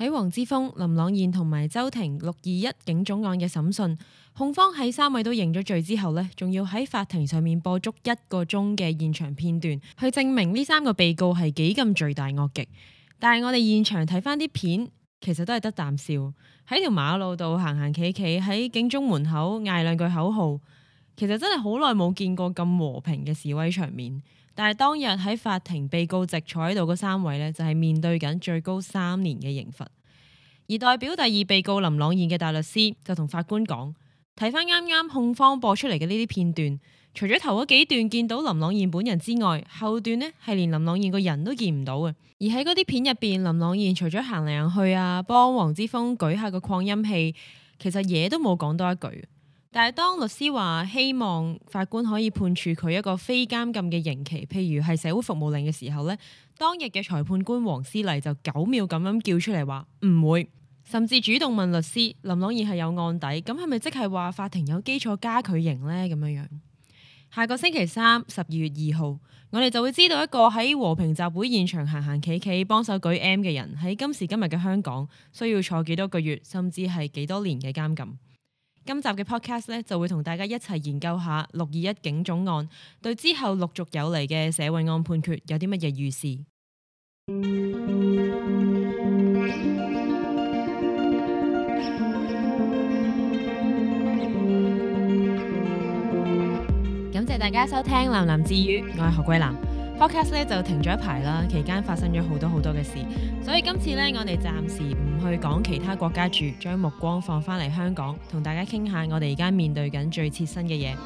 喺黃之鋒、林朗彥同埋周庭六二一警總案嘅審訊，控方喺三位都認咗罪之後呢，仲要喺法庭上面播足一個鐘嘅現場片段，去證明呢三個被告係幾咁罪大惡極。但係我哋現場睇翻啲片，其實都係得啖笑。喺條馬路度行行企企，喺警總門口嗌兩句口號，其實真係好耐冇見過咁和平嘅示威場面。但係當日喺法庭，被告席坐喺度嗰三位呢，就係面對緊最高三年嘅刑罰。而代表第二被告林朗彥嘅大律師就同法官講：睇翻啱啱控方播出嚟嘅呢啲片段，除咗頭嗰幾段見到林朗彥本人之外，後段呢係連林朗彥個人都見唔到嘅。而喺嗰啲片入邊，林朗彥除咗行嚟行去啊，幫黃之鋒舉下個擴音器，其實嘢都冇講多一句。但係當律師話希望法官可以判處佢一個非監禁嘅刑期，譬如係社會服務令嘅時候呢，當日嘅裁判官黃思麗就九秒咁樣叫出嚟，話「唔會，甚至主動問律師林朗彥係有案底，咁係咪即係話法庭有基礎加佢刑呢？」咁樣樣。下個星期三，十二月二號，我哋就會知道一個喺和平集會現場行行企企幫手舉 M 嘅人，喺今時今日嘅香港需要坐幾多個月，甚至係幾多年嘅監禁。今集嘅 podcast 呢，就會同大家一齊研究下六二一警總案對之後陸續有嚟嘅社會案判決有啲乜嘢預示。感謝大家收聽藍藍自語，我係何桂藍。Podcast 咧就停咗一排啦，期間發生咗好多好多嘅事，所以今次咧我哋暫時唔去講其他國家住，將目光放翻嚟香港，同大家傾下我哋而家面對緊最切身嘅嘢。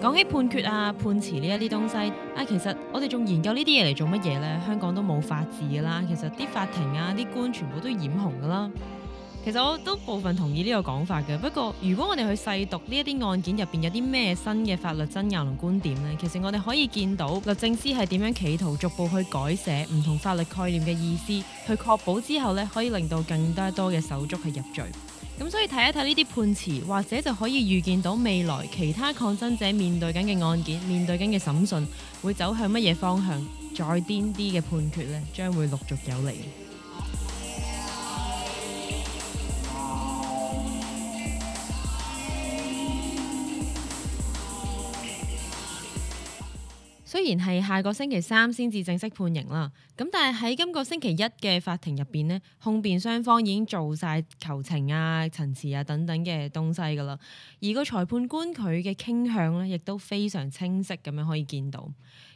講起判決啊、判詞呢一啲東西，啊其實我哋仲研究呢啲嘢嚟做乜嘢呢？香港都冇法治噶啦，其實啲法庭啊、啲官全部都染紅噶啦。其實我都部分同意呢個講法嘅，不過如果我哋去細讀呢一啲案件入邊有啲咩新嘅法律爭拗同觀點呢？其實我哋可以見到律政司係點樣企圖逐步去改寫唔同法律概念嘅意思，去確保之後呢可以令到更加多嘅手足係入罪。咁所以睇一睇呢啲判詞，或者就可以預見到未來其他抗爭者面對緊嘅案件、面對緊嘅審訊會走向乜嘢方向，再癲啲嘅判決呢將會陸續有嚟。雖然係下個星期三先至正式判刑啦，咁但係喺今個星期一嘅法庭入邊咧，控辯雙方已經做晒求情啊、陳詞啊等等嘅東西噶啦，而個裁判官佢嘅傾向咧，亦都非常清晰咁樣可以見到，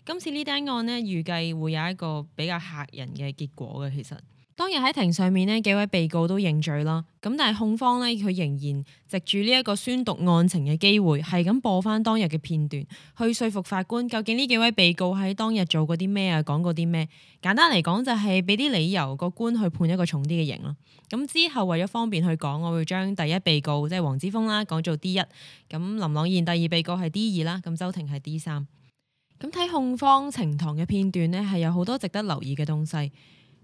今次呢單案咧，預計會有一個比較嚇人嘅結果嘅，其實。當日喺庭上面，呢幾位被告都認罪啦。咁但係控方咧，佢仍然藉住呢一個宣讀案情嘅機會，係咁播翻當日嘅片段，去說服法官究竟呢幾位被告喺當日做過啲咩啊，講過啲咩？簡單嚟講就係俾啲理由個官去判一個重啲嘅刑咯。咁之後為咗方便去講，我會將第一被告即係黃之鋒啦，講做 D 一；咁林朗彥，第二被告係 D 二啦；咁周庭係 D 三。咁睇控方呈堂嘅片段呢，係有好多值得留意嘅東西。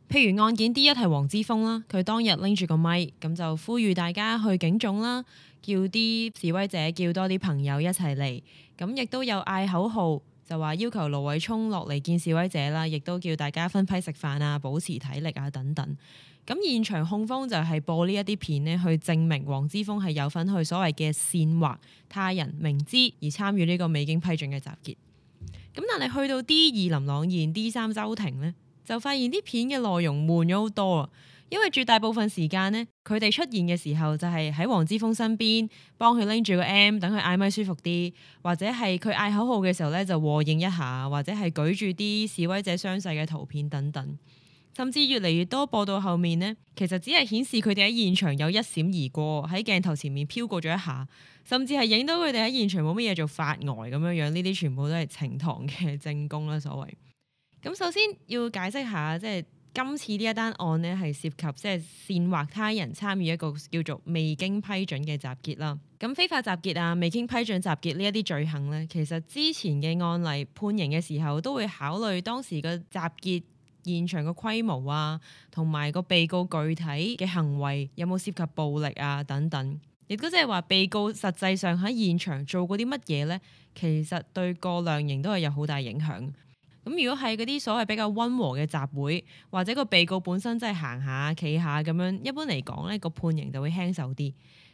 譬如案件 D 一，係黃之鋒啦，佢當日拎住個咪，咁就呼籲大家去警總啦，叫啲示威者叫多啲朋友一齊嚟，咁亦都有嗌口號，就話要求盧偉聰落嚟見示威者啦，亦都叫大家分批食飯啊，保持體力啊等等。咁現場控方就係播呢一啲片呢，去證明黃之鋒係有份去所謂嘅煽惑他人明知而參與呢個未經批准嘅集結。咁但係去到 D 二，林朗彥、D 三周庭呢，就發現啲片嘅內容悶咗好多啊！因為絕大部分時間咧，佢哋出現嘅時候就係喺黃之鋒身邊幫佢拎住個 M，等佢嗌咪舒服啲，或者係佢嗌口號嘅時候咧就和應一下，或者係舉住啲示威者傷勢嘅圖片等等，甚至越嚟越多播到後面咧，其實只係顯示佢哋喺現場有一閃而過喺鏡頭前面飄過咗一下，甚至係影到佢哋喺現場冇乜嘢做發呆咁樣樣，呢啲全部都係呈堂嘅證供啦，所謂。咁首先要解釋下，即係今次呢一單案呢係涉及即係煽惑他人參與一個叫做未經批准嘅集結啦。咁非法集結啊、未經批准集結呢一啲罪行呢，其實之前嘅案例判刑嘅時候，都會考慮當時個集結現場嘅規模啊，同埋個被告具體嘅行為有冇涉及暴力啊等等。亦都即係話被告實際上喺現場做過啲乜嘢呢？其實對個量刑都係有好大影響。咁如果係嗰啲所謂比較溫和嘅集會，或者個被告本身真係行下企下咁樣，一般嚟講咧個判刑就會輕手啲。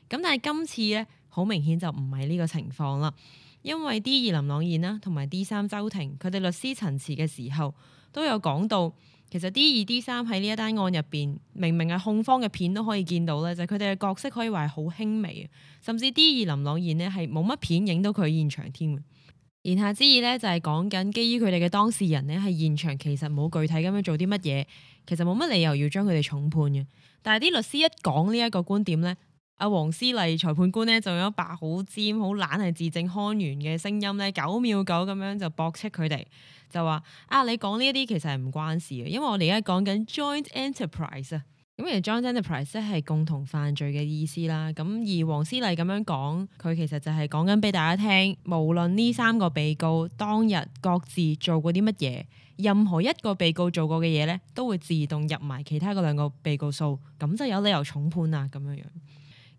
咁但係今次咧，好明顯就唔係呢個情況啦。因為 D 二林朗彥啦，同埋 D 三周庭，佢哋律師陳詞嘅時候都有講到，其實 D 二 D 三喺呢一單案入邊，明明係控方嘅片都可以見到咧，就係佢哋嘅角色可以話係好輕微，甚至 D 二林朗彥咧係冇乜片影到佢現場添。言下之意咧，就係講緊基於佢哋嘅當事人咧，係現場其實冇具體咁樣做啲乜嘢，其實冇乜理由要將佢哋重判嘅。但係啲律師一講呢一個觀點咧，阿、啊、黃思麗裁判官咧，就用一把好尖好懶係字正腔圓嘅聲音咧，九秒九咁樣就駁斥佢哋，就話啊，你講呢一啲其實係唔關事嘅，因為我哋而家講緊 joint enterprise 啊。咁而 joint enterprise 即係共同犯罪嘅意思啦。咁而黃思麗咁樣講，佢其實就係講緊俾大家聽，無論呢三個被告當日各自做過啲乜嘢，任何一個被告做過嘅嘢咧，都會自動入埋其他嗰兩個被告數，咁就有理由重判啦咁樣樣。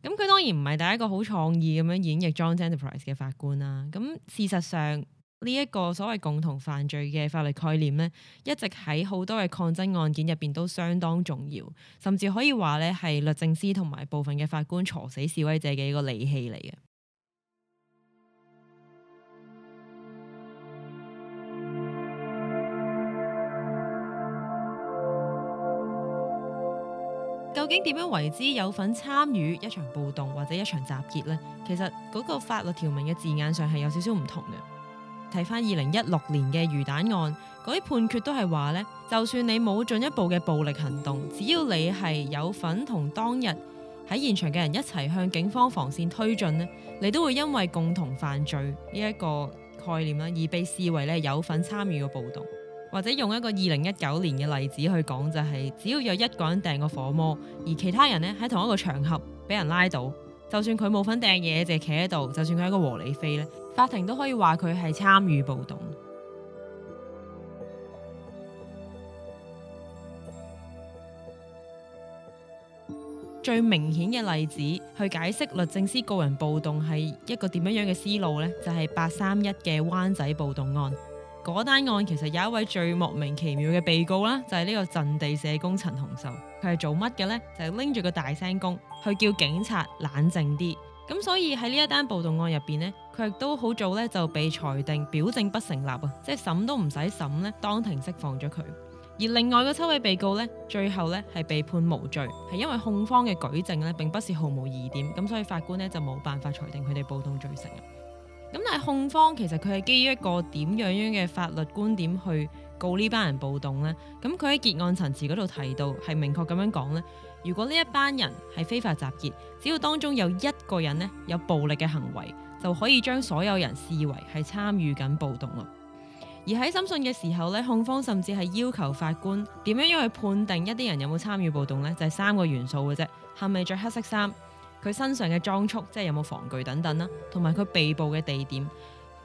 咁佢當然唔係第一個好創意咁樣演繹 joint enterprise 嘅法官啦。咁事實上。呢一個所謂共同犯罪嘅法律概念呢，一直喺好多嘅抗爭案件入邊都相當重要，甚至可以話呢係律政司同埋部分嘅法官鋤死示威者嘅一個利器嚟嘅。 究竟點樣為之有份參與一場暴動或者一場集結呢？其實嗰個法律條文嘅字眼上係有少少唔同嘅。睇翻二零一六年嘅魚蛋案，嗰啲判決都係話呢，就算你冇進一步嘅暴力行動，只要你係有份同當日喺現場嘅人一齊向警方防線推進呢，你都會因為共同犯罪呢一個概念呢而被視為咧有份參與個暴動。或者用一個二零一九年嘅例子去講，就係只要有一個人掟個火魔，而其他人呢喺同一個場合俾人拉到。就算佢冇份掟嘢，就係企喺度；就算佢係個和理非，法庭都可以話佢係參與暴動。 最明顯嘅例子去解釋律政司告人暴動係一個點樣樣嘅思路呢，就係八三一嘅灣仔暴動案。嗰單案其實有一位最莫名其妙嘅被告啦，就係、是、呢個陣地社工陳虹秀。佢係做乜嘅呢？就係拎住個大聲公去叫警察冷靜啲。咁所以喺呢一單暴動案入邊呢，佢亦都好早咧就被裁定表證不成立啊，即係審都唔使審咧，當庭釋放咗佢。而另外個七位被告呢，最後呢係被判無罪，係因為控方嘅舉證呢並不是毫無疑點，咁所以法官呢就冇辦法裁定佢哋暴動罪成。咁但係控方其實佢係基於一個點樣樣嘅法律觀點去告呢班人暴動呢？咁佢喺結案陳詞嗰度提到，係明確咁樣講咧，如果呢一班人係非法集結，只要當中有一個人呢有暴力嘅行為，就可以將所有人視為係參與緊暴動啦。而喺審訊嘅時候咧，控方甚至係要求法官點樣樣去判定一啲人有冇參與暴動呢？就係三個元素嘅啫，係咪着黑色衫？佢身上嘅裝束，即係有冇防具等等啦，同埋佢被捕嘅地點，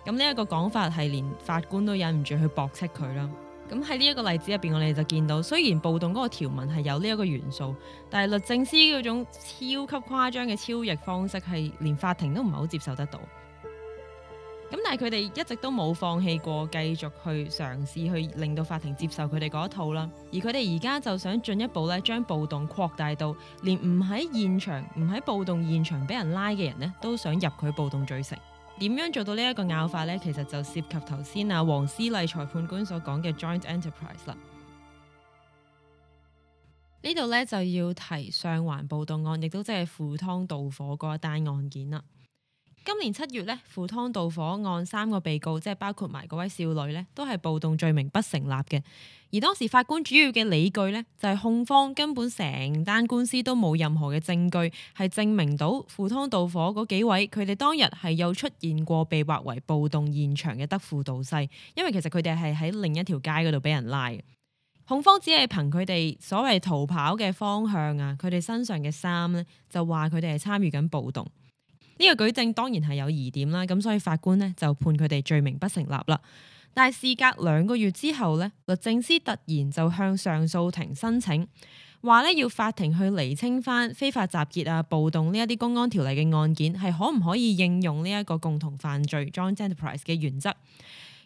咁呢一個講法係連法官都忍唔住去駁斥佢啦。咁喺呢一個例子入邊，我哋就見到雖然暴動嗰個條文係有呢一個元素，但係律政司嗰種超級誇張嘅超譯方式係連法庭都唔係好接受得到。咁但係佢哋一直都冇放棄過，繼續去嘗試去令到法庭接受佢哋嗰一套啦。而佢哋而家就想進一步咧，將暴動擴大到連唔喺現場、唔喺暴動現場俾人拉嘅人呢，都想入佢暴動罪成。點樣做到呢一個拗法呢？其實就涉及頭先啊，黃思麗裁判官所講嘅 joint enterprise 啦。呢度咧就要提上環暴動案，亦都即係赴湯蹈火嗰一單案件啦。今年七月咧，赴湯導火案三個被告，即係包括埋嗰位少女咧，都係暴動罪名不成立嘅。而當時法官主要嘅理據咧，就係、是、控方根本成單官司都冇任何嘅證據，係證明到赴湯蹈火嗰幾位佢哋當日係有出現過被劃為暴動現場嘅德輔道西，因為其實佢哋係喺另一條街嗰度俾人拉。控方只係憑佢哋所謂逃跑嘅方向啊，佢哋身上嘅衫咧，就話佢哋係參與緊暴動。呢個舉證當然係有疑點啦，咁所以法官咧就判佢哋罪名不成立啦。但係事隔兩個月之後咧，律政司突然就向上訴庭申請，話咧要法庭去釐清翻非法集結啊、暴動呢一啲公安條例嘅案件係可唔可以應用呢一個共同犯罪 joint enterprise 嘅原則。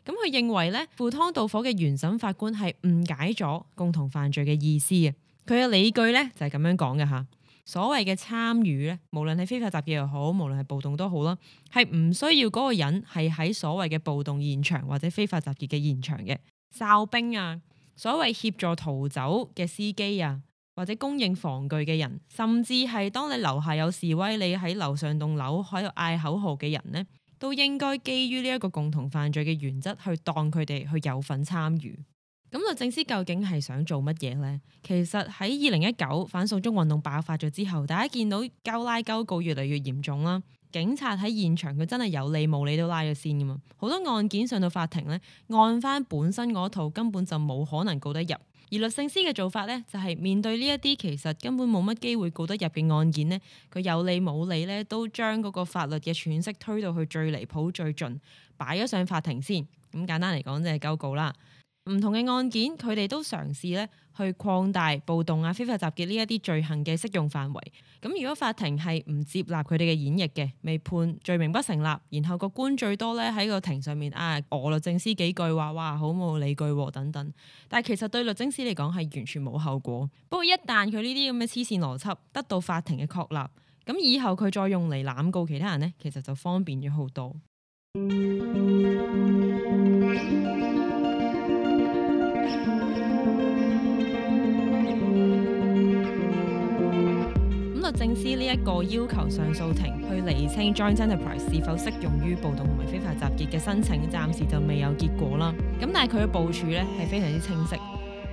咁佢認為咧，赴湯蹈火嘅原審法官係誤解咗共同犯罪嘅意思嘅。佢嘅理據咧就係咁樣講嘅吓。所謂嘅參與咧，無論係非法集結又好，無論係暴動都好啦，係唔需要嗰個人係喺所謂嘅暴動現場或者非法集結嘅現場嘅哨兵啊，所謂協助逃走嘅司機啊，或者供應防具嘅人，甚至係當你樓下有示威，你喺樓上棟樓喺度嗌口號嘅人咧，都應該基於呢一個共同犯罪嘅原則去當佢哋去有份參與。咁律政司究竟係想做乜嘢咧？其實喺二零一九反送中運動爆發咗之後，大家見到鳩拉鳩告越嚟越嚴重啦，警察喺現場佢真係有理冇理都拉咗先噶嘛，好多案件上到法庭咧，按翻本身嗰套根本就冇可能告得入，而律政司嘅做法咧，就係、是、面對呢一啲其實根本冇乜機會告得入嘅案件咧，佢有理冇理咧，都將嗰個法律嘅詮釋推到去最離譜最盡，擺咗上法庭先。咁簡單嚟講就係鳩告啦。唔同嘅案件，佢哋都嘗試咧去擴大暴動啊、非法 集結呢一啲罪行嘅適用範圍。咁如果法庭係唔接納佢哋嘅演繹嘅，未判罪名不成立，然後個官最多咧喺個庭上面啊，鬧律政司幾句話，哇，好冇理據、哦、等等。但係其實對律政司嚟講係完全冇後果。不過一旦佢呢啲咁嘅黐線邏輯得到法庭嘅確立，咁以後佢再用嚟濫告其他人呢，其實就方便咗好多。 律政司呢一個要求上訴庭去厘清 Joint Enterprise 是否適用於暴動同埋非法集結嘅申請，暫時就未有結果啦。咁但係佢嘅部署咧係非常之清晰，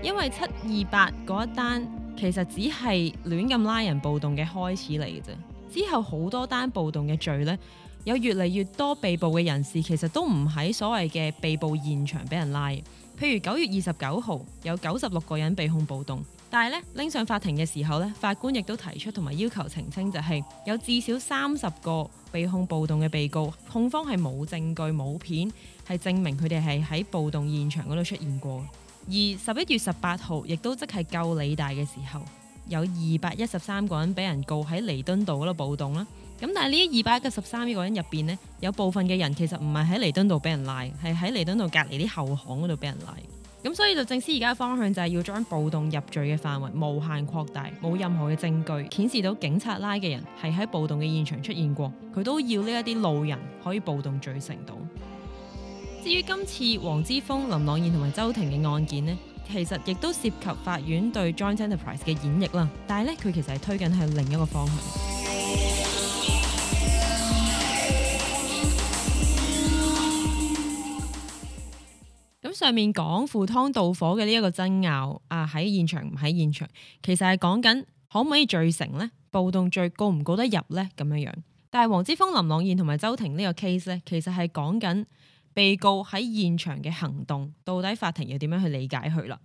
因為七二八嗰一單其實只係亂咁拉人暴動嘅開始嚟嘅啫。之後好多單暴動嘅罪咧，有越嚟越多被捕嘅人士，其實都唔喺所謂嘅被捕現場俾人拉。譬如九月二十九號有九十六個人被控暴動。但係咧，拎上法庭嘅時候咧，法官亦都提出同埋要求澄清、就是，就係有至少三十個被控暴動嘅被告，控方係冇證據、冇片係證明佢哋係喺暴動現場嗰度出現過。而十一月十八號，亦都即係救理大嘅時候，有二百一十三個人俾人告喺彌敦道嗰度暴動啦。咁但係呢二百一十三呢個人入邊呢，有部分嘅人其實唔係喺彌敦道俾人拉，係喺彌敦道隔離啲後巷嗰度俾人拉。咁所以就正視而家方向，就係要將暴動入罪嘅範圍無限擴大，冇任何嘅證據顯示到警察拉嘅人係喺暴動嘅現場出現過，佢都要呢一啲路人可以暴動罪成到。至於今次黃之鋒、林朗彥同埋周庭嘅案件咧，其實亦都涉及法院對 Joint Enterprise 嘅演繹啦，但係咧，佢其實係推緊，係另一個方向。上面講赴湯蹈火嘅呢一個爭拗啊，喺現場唔喺現場，其實係講緊可唔可以罪成呢？暴動罪告唔告得入呢？咁樣樣。但係黃之鋒、林朗彥同埋周庭呢個 case 咧，其實係講緊被告喺現場嘅行動，到底法庭要點樣去理解佢啦？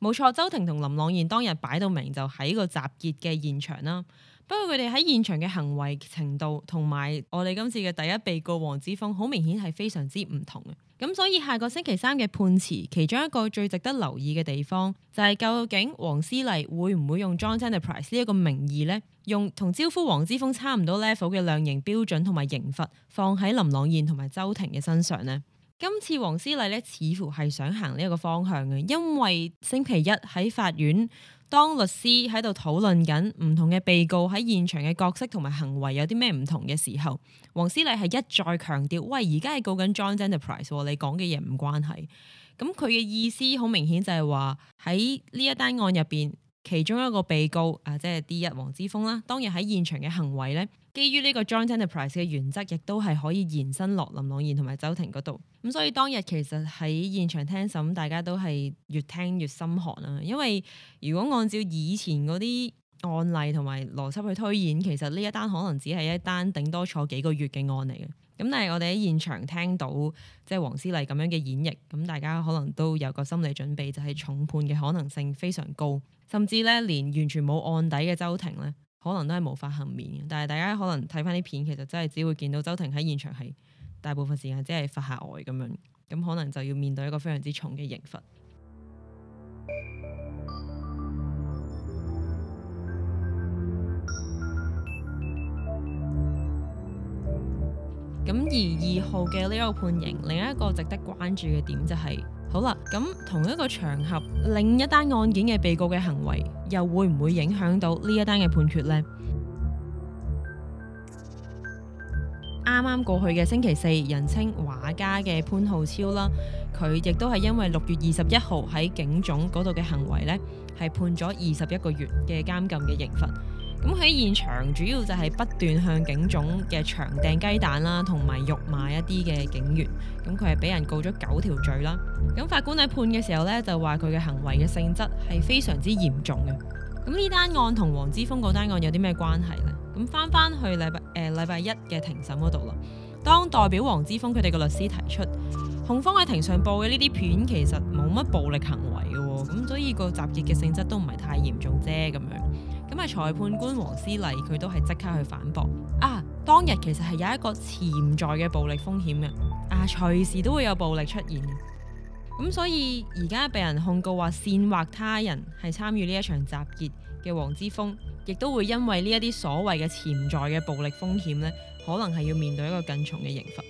冇錯，周庭同林朗彥當日擺到明就喺個集結嘅現場啦。不過佢哋喺現場嘅行為程度，同埋我哋今次嘅第一被告黃之鋒，好明顯係非常之唔同嘅。咁所以下個星期三嘅判詞，其中一個最值得留意嘅地方就係，是，究竟王詩麗會唔會用 joint enterprise 呢一個名義咧，用同招呼黃之鋒差唔多 level 嘅量刑標準同埋刑罰放喺林朗彥同埋周庭嘅身上呢？今次王詩麗咧似乎係想行呢一個方向嘅，因為星期一喺法院。當律師喺度討論緊唔同嘅被告喺現場嘅角色同埋行為有啲咩唔同嘅時候，王詩麗係一再強調：喂，而家係告緊 joint enterprise，你講嘅嘢唔關係。咁佢嘅意思好明顯就係話喺呢一單案入邊。其中一個被告啊，即係 D 一黃之鋒啦，當日喺現場嘅行為咧，基於呢個 joint enterprise 嘅原則，亦都係可以延伸落林朗彥同埋周庭嗰度。咁、嗯、所以當日其實喺現場聽審，大家都係越聽越心寒啦。因為如果按照以前嗰啲案例同埋邏輯去推演，其實呢一單可能只係一單頂多坐幾個月嘅案嚟嘅。咁但係我哋喺現場聽到即係、就是、黃思麗咁樣嘅演繹，咁大家可能都有個心理準備，就係、是、重判嘅可能性非常高，甚至咧連完全冇案底嘅周庭咧，可能都係無法幸免嘅。但係大家可能睇翻啲片，其實真係只會見到周庭喺現場係大部分時間只係發下呆咁樣，咁可能就要面對一個非常之重嘅刑罰。咁而二號嘅呢一個判刑，另一個值得關注嘅點就係、是，好啦，咁同一個場合，另一單案件嘅被告嘅行為，又會唔會影響到呢一單嘅判決呢？啱啱過去嘅星期四，人稱畫家嘅潘浩超啦，佢亦都係因為六月二十一號喺警總嗰度嘅行為呢，係判咗二十一個月嘅監禁嘅刑罰。咁喺現場主要就係不斷向警總嘅長掟雞蛋啦，同埋辱罵一啲嘅警員。咁佢係俾人告咗九條罪啦。咁法官喺判嘅時候呢，就話佢嘅行為嘅性質係非常之嚴重嘅。咁呢單案同黃之鋒嗰單案有啲咩關係呢？咁翻翻去禮拜、誒、呃、禮拜一嘅庭審嗰度咯，當代表黃之鋒，佢哋嘅律師提出，控方喺庭上播嘅呢啲片其實冇乜暴力行為嘅、哦，咁所以個集結嘅性質都唔係太嚴重啫，咁樣。因為裁判官王詩麗佢都係即刻去反駁啊，當日其實係有一個潛在嘅暴力風險嘅啊，隨時都會有暴力出現。咁所以而家被人控告話煽惑他人係參與呢一場集結嘅黃之鋒，亦都會因為呢一啲所謂嘅潛在嘅暴力風險呢可能係要面對一個更重嘅刑罰。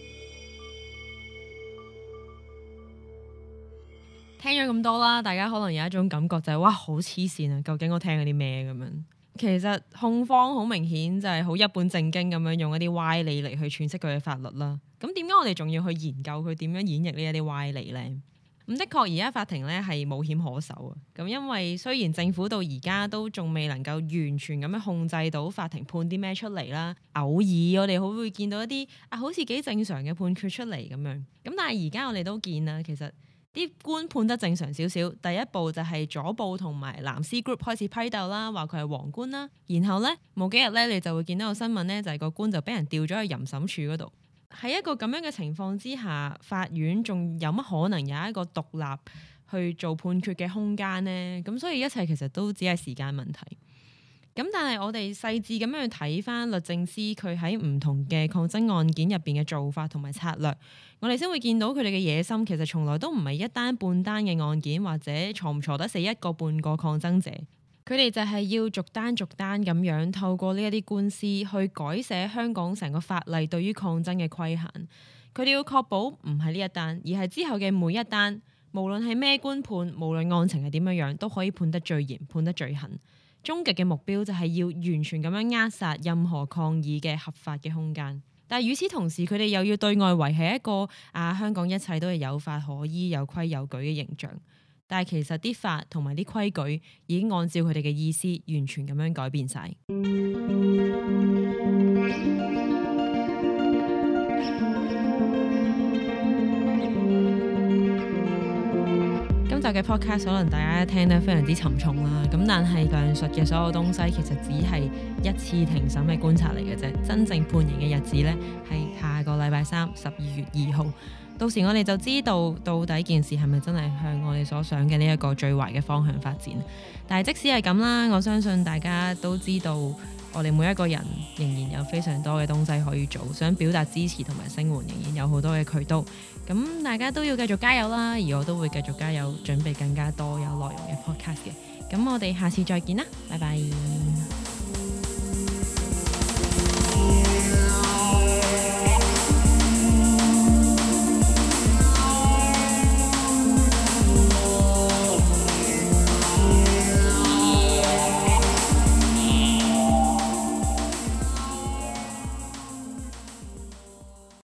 聽咗咁多啦，大家可能有一種感覺就係、是、哇好黐線啊！究竟我聽咗啲咩咁樣？其實控方好明顯就係好一本正經咁樣用一啲歪理嚟去詮釋佢嘅法律啦。咁點解我哋仲要去研究佢點樣演繹呢一啲歪理咧？咁的確而家法庭咧係冇險可守啊。咁因為雖然政府到而家都仲未能夠完全咁樣控制到法庭判啲咩出嚟啦。偶爾我哋會會見到一啲啊好似幾正常嘅判決出嚟咁樣。咁但係而家我哋都見啦，其實。啲官判得正常少少，第一步就係左部同埋藍絲 group 開始批鬥啦，話佢係黃官啦。然後咧冇幾日咧，你就會見到個新聞咧，就係個官就俾人調咗去淫審處嗰度。喺一個咁樣嘅情況之下，法院仲有乜可能有一個獨立去做判決嘅空間咧？咁所以一切其實都只係時間問題。咁但係我哋細致咁樣去睇返律政司佢喺唔同嘅抗爭案件入邊嘅做法同埋策略，我哋先會見到佢哋嘅野心其實從來都唔係一單半單嘅案件或者鋤唔鋤得死一個半個抗爭者，佢哋就係要逐單逐單咁樣透過呢一啲官司去改寫香港成個法例對於抗爭嘅規限，佢哋要確保唔係呢一單，而係之後嘅每一單，無論係咩官判，無論案情係點樣樣，都可以判得最嚴，判得最狠。終極嘅目標就係要完全咁樣扼殺任何抗議嘅合法嘅空間，但係與此同時，佢哋又要對外維繫一個啊香港一切都係有法可依、有規有矩嘅形象，但係其實啲法同埋啲規矩已經按照佢哋嘅意思完全咁樣改變晒。 嘅 podcast 可能大家一聽都非常之沉重啦，咁但係上述嘅所有東西其實只係一次庭審嘅觀察嚟嘅啫，真正判刑嘅日子呢，係下個禮拜三、十二月二號，到時我哋就知道到底件事係咪真係向我哋所想嘅呢一個最壞嘅方向發展。但係即使係咁啦，我相信大家都知道。我哋每一個人仍然有非常多嘅東西可以做，想表達支持同埋聲援仍然有好多嘅渠道。咁大家都要繼續加油啦，而我都會繼續加油，準備更加多有內容嘅 podcast 嘅。咁我哋下次再見啦，拜拜。